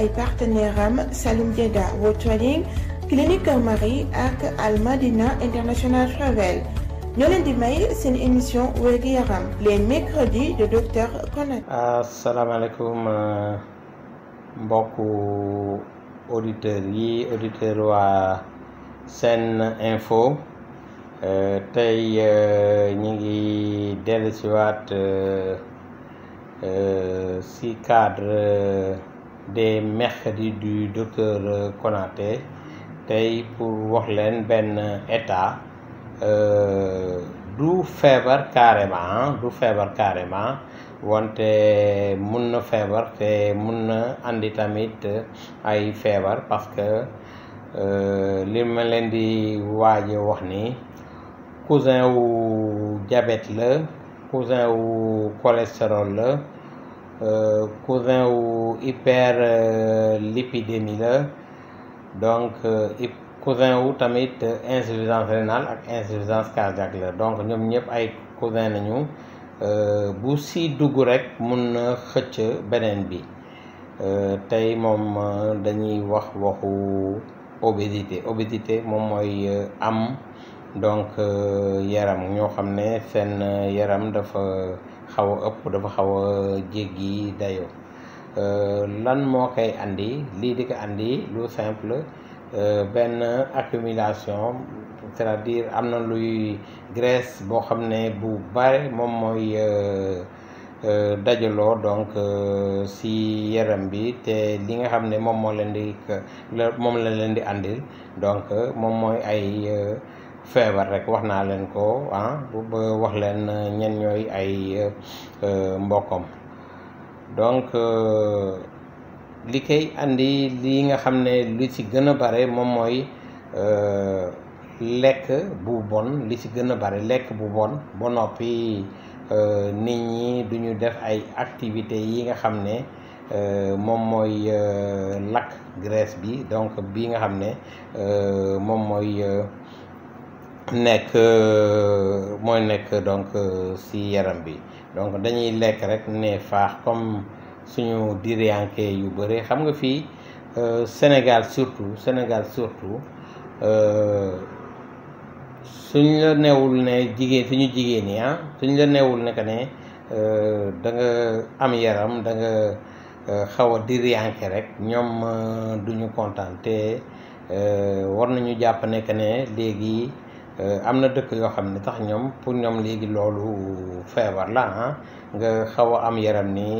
ay partenaire am Saloum Dieda World Clinique Marie ak Almadina International Travel ñoo may seen émission wérgu yaram les mercredis de docteur Konaté. asalaamaaleykum euh, mbokku auditeurs yi auditeur waa Sene Info euh, tey euh, ñu ngi dellusiwaat si cadre. de mercredis du docteur Konaté tey pour wax leen benn état euh, du feebar carrément du feebar carrément wante mun na feebar te mun na indi tamit ay feebar parce que euh, li ma leen di waaje wax ni cousin wu jabet la cousin wu cholestérol la Euh, cousin wu hyperlipidémie la donc euh, cousin wu tamit euh, insuffisance rénale ak insuffisance cardiaque la donc ñoom ñëpp ay cousin nañu bu si dugg rek mun na xëcc beneen bi tey moom dañuy wax waxu obésité obésité moom mooy am donc yaram ñoo xam ne seen yaram dafa xaw a ëpp dafa xaw a jéggi dayoo euh, lan moo koy andi lii di ko andi lu simple euh, benn accumulation c'est-à-dire am na luy graisse boo xam ne bu bare moom mooy euh, dajaloo donc si yaram bi te li nga xam ne moom moo leen di moom la leen di andil donc moom mooy ay. feebar rek wax naa leen ko ah ba wax leen eh, ñen ñooy ay eh, mbokkam donc eh, li koy andi li nga xam ne lu ci gën a bare moom mooy lekk bu bon li si gën a bare lekk bu bon ba noppi nit ñi duñu def ay activité yi nga xam ne moom mooy lakk graisse bi donc bi nga xam ne moom mooy nekk euh, mooy nekk donc euh, si yaram bi donc dañuy lekk rek ne faax comme suñu di diriyanke yu bëri xam nga fii euh, Sénégal surtout Sénégal surtout suñ la newul ne jigéen ñu jigéen ñi ah suñ la neewul ne ne da nga am yaram da nga xaw a diriyanke rek ñoom duñu kontaan te war nañu jàpp ne que ne léegi. Euh, am na dëkk yoo xam ne tax ñoom pour ñoom léegi loolu feebar la ah nga xaw a am yaram nii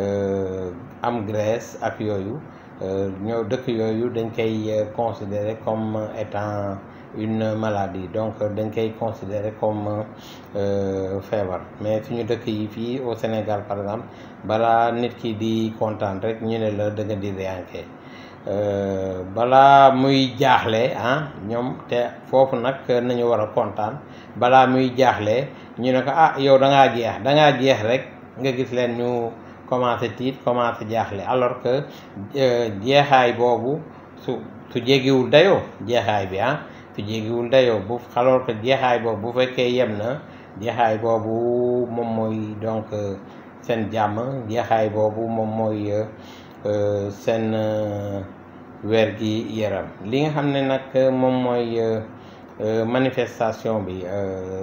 euh, am graisse ak yooyu euh, ñoo dëkk yooyu dañ koy considérer comme étant une maladie donc dañ koy considérer comme feebar mais suñu dëkk yi fii au Sénégal par exemple balaa nit ki di kontaan rek ñu ne la da nga di réanke Euh, balaa muy jaaxle ah ñoom te foofu nag nañu war a kontaan balaa muy jaaxle ñu ne ko ah yow da ngaa jeex dangaa jeex rek nga gis leen ñu commencé tiit commencé jaaxle alors que euh, jeexaay boobu su su jéggiwul dayoo jeexaay bi ah su jéggiwul dayoo bu alors que jeexaay boobu bu fekkee yem na jeexaay boobu moom mooy donc euh, seen jàmm jeexaay boobu moom mooy. seen euh, weer gi yaram li nga xam ne nag euh, moom mooy euh, manifestation bi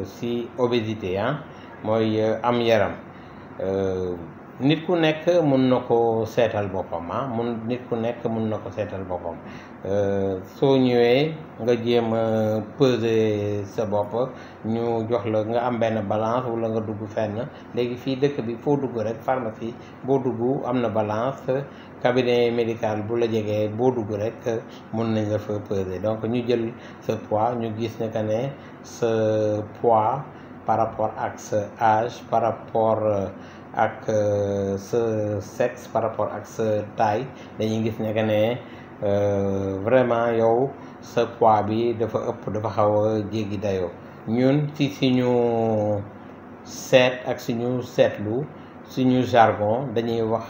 si obésité ah mooy am yaram nit ku nekk mun na ko seetal boppam ah mun nit ku nekk mun na ko seetal boppam soo ñëwee nga jéem a peser sa bopp ñu jox la nga am benn balance wala nga dugg fenn léegi fii dëkk bi foo dugg rek pharmacie boo dugg am na balance cabinet médical bu la jegee boo dugg rek mun nañ la fa donc ñu jël sa poids ñu gis ne que ne sa poids par rapport ak sa âge par rapport euh, ak euh, sa sex par rapport ak sa taille dañuy gis ne que ne euh, vraiment yow sa poids bi dafa ëpp dafa xaw a jéggi dayoo ñun ci suñu seet ak suñu seetlu suñu jargon dañuy wax.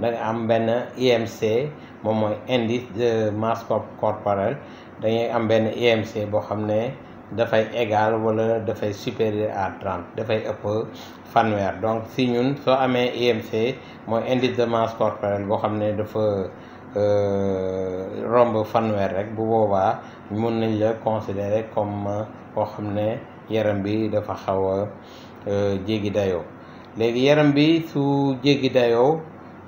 da am benn IMC e moom mooy indice de masse corporelle dangay am benn IMC e boo xam ne dafay égal wala dafay supérieur à 30 dafay ëpp fanweer donc si ñun soo amee IMC e mooy indice de masse corporelle boo xam ne dafa euh, romb fanweer rek bu boobaa mun nañ la considérer comme euh, koo xam ne yaram bi dafa xaw a euh, jéggi dayoo léegi yaram bi su jéggi dayoo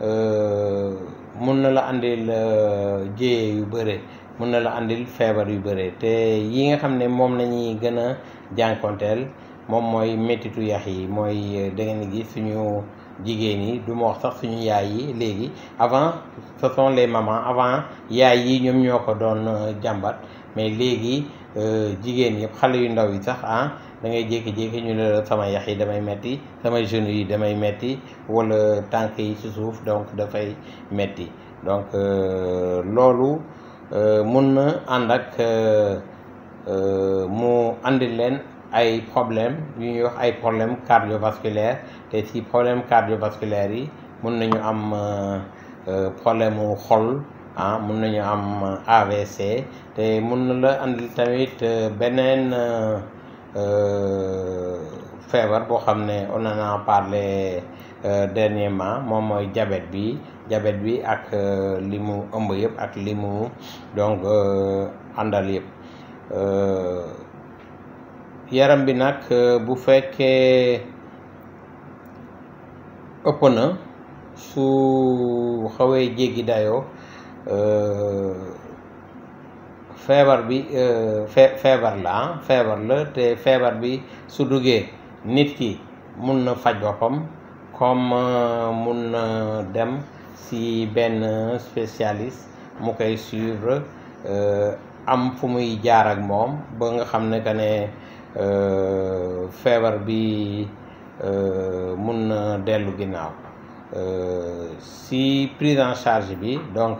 Euh, mun na la andil euh, jéye yu bëre mun na la andil feebar yu bëre te yi nga xam ne moom la ñuy gën a jànkonteel moom mooy méttitu yax yi mooy euh, da ngeen gis suñu jigéen yi du ma wax sax suñu yaay yi léegi avant ce sont les avant yaay yi ñoom ñoo ko doon jàmbat mais léegi jigéen yëpp xale yu ndaw yi sax ah da ngay jékki-jékki ñu ne la sama yax yi damay metti samay genoux yi damay metti wala tànk yi ci suuf donc dafay metti donc euh, loolu euh, mun na ànd ak euh, mu andi leen ay problème yu ñuy wax ay problème cardiovasculaire te ci problème cardiovasculaire yi mun nañu am problème mu xol ah mun nañu am AVC te mun na la andil tamit beneen Euh, feebar boo xam ne on en a parlé euh, moom mooy jabet bi jabet bi ak euh, li mu ëmb yëpp ak li mu donc àndal yëpp yaram bi nag bu fekkee ëpp na su xawee jéggi dayoo. feebar bi euh, fee feebar la ah feebar la te feebar bi su duggee nit ki mun na faj boppam comme euh, mun na dem si benn spécialiste mu koy suivre euh, am fu muy jaar ak moom ba nga xam ne que ne feebar bi mun na dellu ginnaaw si prise en charge bi donc.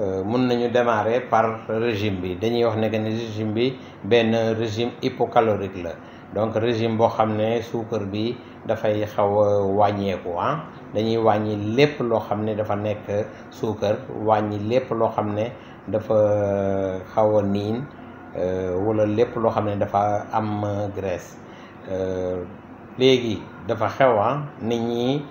Euh, mun nañu démarrer par régime bi dañuy wax ne que régime bi benn régime hypocalorique la donc régime boo xam ne suukar bi dafay xaw a wàññeeku ah dañuy wàññi lépp loo xam ne dafa nekk suukar wàññi lépp loo xam ne dafa euh, xaw a niin euh, wala lépp loo xam ne dafa am graisse léegi dafa xew ah nit ñi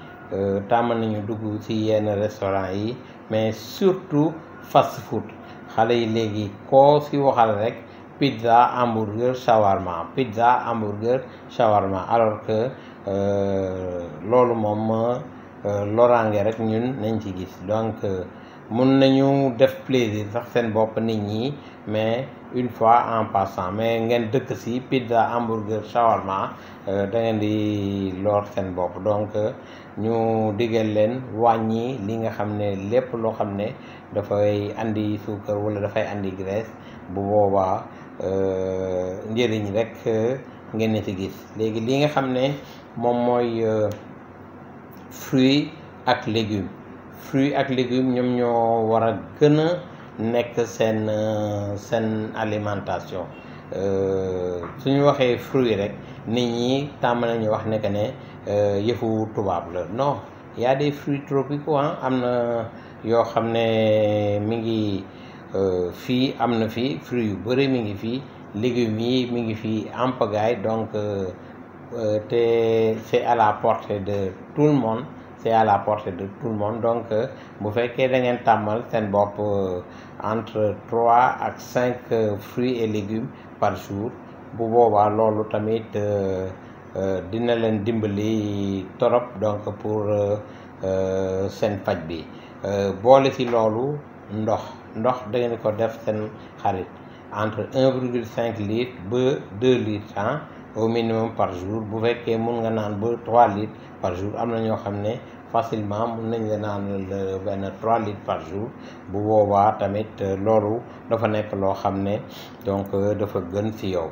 tàmm nañu dugg ci yenn restaurant yi mais surtout fast food xale yi léegi koo si waxal rek pizza hamburger shawarma pizza hamburger shawarma alors que euh, loolu moom euh, loraange rek ñun nañ ci gis donc euh, mun nañu def plaisir sax seen bopp nit ñi mais. une fois en passant mais ngeen dëkk si pizza hamburger shawarma euh, da ngeen di lool seen bopp donc euh, ñu digal leen wàññi li nga xam ne lépp loo xam ne dafay andi suukar wala dafay indi graisse bu boobaa euh, njëriñ rek ngeen ci gis léegi li nga xam ne moom mooy fruit ak légumes fruit ak légumes ñoom ñoo war a gën nekk seen euh, seen alimentation euh, su ñu waxee fruit rek nit ñi tàmm nañu wax ne que ne euh, yëfu tubaab la non y a des fruits tropicaux am na yoo xam ne mi ngi fii am na fi fruits yu bëri mi ngi fii légumes yi mi ngi fii en donc te c'est à la portée de tout le monde c'est la portée de tout le monde donc euh, bu fekkee da ngeen tàmmal seen bopp euh, entre trois ak cinq euh, fruits et légumes par jour bu boobaa loolu tamit dina leen dimbali torop donc pour seen faj bi boole ci loolu ndox ndox da ngeen ko def seen xarit entre un virgule cinq litre ba deux litres ah au minimum par jour bu fekkee mun nga naan ba trois litres par jour am na ñoo xam ne facilement mun nañ la naan euh, benn trois litres par jour bu boobaa tamit euh, loolu dafa nekk loo xam ne donc euh, dafa gën ci yow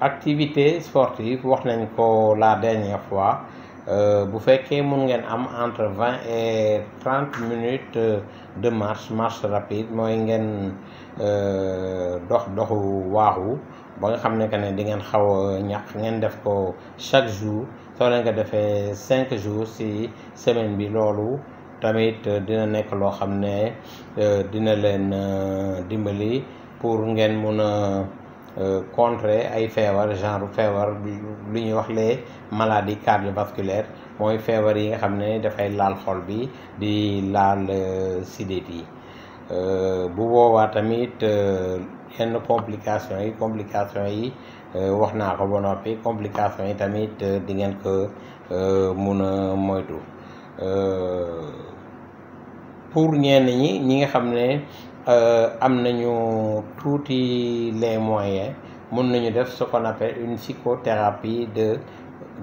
activité sportive wax nañ ko la dernière fois bu fekkee mun ngeen am entre vingt et trente minutes de marche marche rapide mooy ngeen dox doxu waaxu ba nga xam ne que ne di ngeen xaw ñax ngeen def ko chaque jour soo leen ko defee cinq jours ci semaine bi loolu tamit dina nekk loo xam ne euh, dina leen euh, dimbali pour ngeen mun a euh, contrer ay feebar genre feebar lu ñuy wax les maladies cardiovasculaires mooy feebar yi nga xam ne dafay laal xol bi di laal sidit yi Euh, bu boobaa tamit euh, yenn complication yi complication yi euh, wax naa ko ba noppi complication yi tamit di ngeen ko mun a moytu pour ñenn ñi ñi nga xam ne am nañu tuuti les moyens mun nañu def ce qu'on appelle une psychothérapie de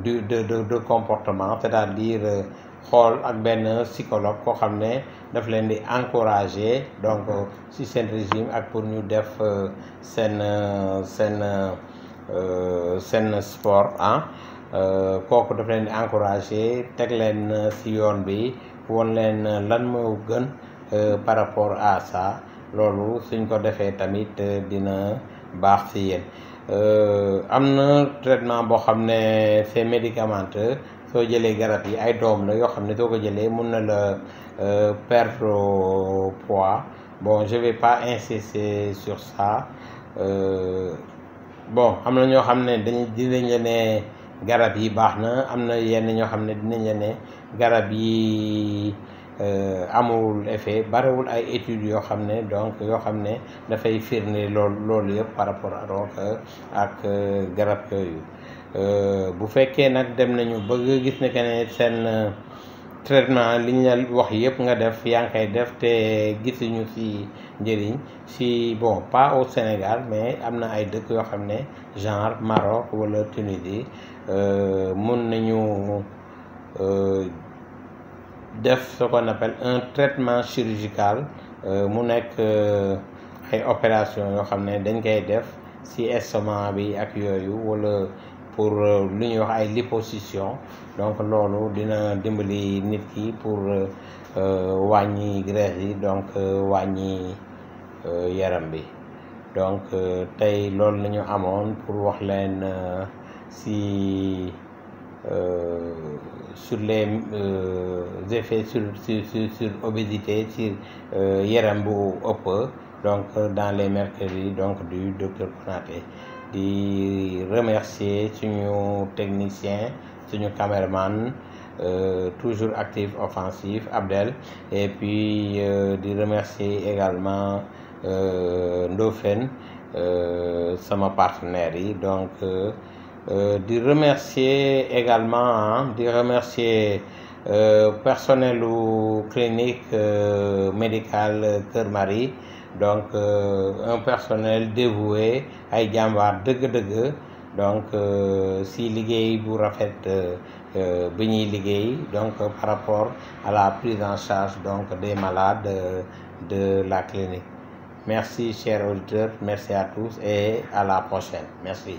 de de de comportement c'est-à-dire xool ak benn psychologue koo xam ne daf leen di encourager donc si seen régime ak pour ñu def euh, seen euh, seen euh, seen sport ah kooku daf leen di encourager teg leen si yoon bi won leen lan moo gën par rapport à ça loolu suñ ko defee tamit dina baax si yéen am na traitement boo xam ne c'est médicamenteux soo jëlee garab yi ay doom la yoo xam ne soo ko jëlee mun na la euh, perdre poids bon je vais pas insister sur ça euh, bon xam na ñoo xam ne dañ dinañ la ne garab yi baax na am na yenn ñoo xam ne dinañ la ne garab yi euh, amul effet barewul ay études yoo xam ne donc yoo xam ne dafay firnde loolu loolu yëpp par rapport donc euh, ak garab yooyu Euh, bu fekkee nag dem nañu bëgg gis ne que ne seen euh, traitement li ñu la wax yëpp nga def yaa ngi koy def te gisuñu ci njëriñ si bon pas au Sénégal mais am na ay dëkk yoo xam ne genre Maroc wala Tunisie euh, mun nañu def ce qu'on appelle un traitement chirurgical mu nekk ay opération yoo xam ne dañ koy def si estomac bi ak yooyu wala. pour euh, lu ñuy wax ay liposuction donc loolu dina dimbali nit ki pour euh, euh, wàññi graisse yi donc wàññi yaram bi donc tey loolu la ñu amoon pour wax leen si sur les effets sur sur sur obésité sur yaram bu ëpp donc dans les mercredis donc du docteur Konaté di remercier suñu technicien suñu caméraman euh, toujours actif offensif Abdel et puis euh, di remercier également euh, Ndofène euh, sama partenaire yi donc euh, euh, di remercier également di remercier personnelu clinique médicale Kër Marie donc euh, un personnel dévoué ay jàmbaar dëgg-dëgg donc euh, si liggéey bu rafet euh, bi ñuy liggéey donc par rapport à la prise en charge donc des malades de la clinique merci cher auditeurs merci à tous et à la prochaine merci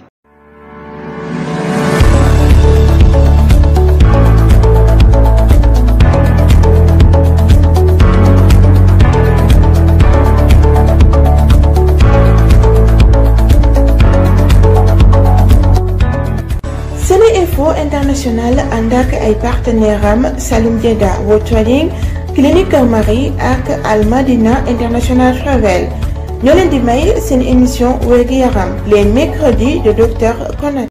ay partenaire am Saloum Dieda World Trading Clinique Keur Marie International Travel ñoo leen di may seen émission wér gu les mercredis de docteur Konaté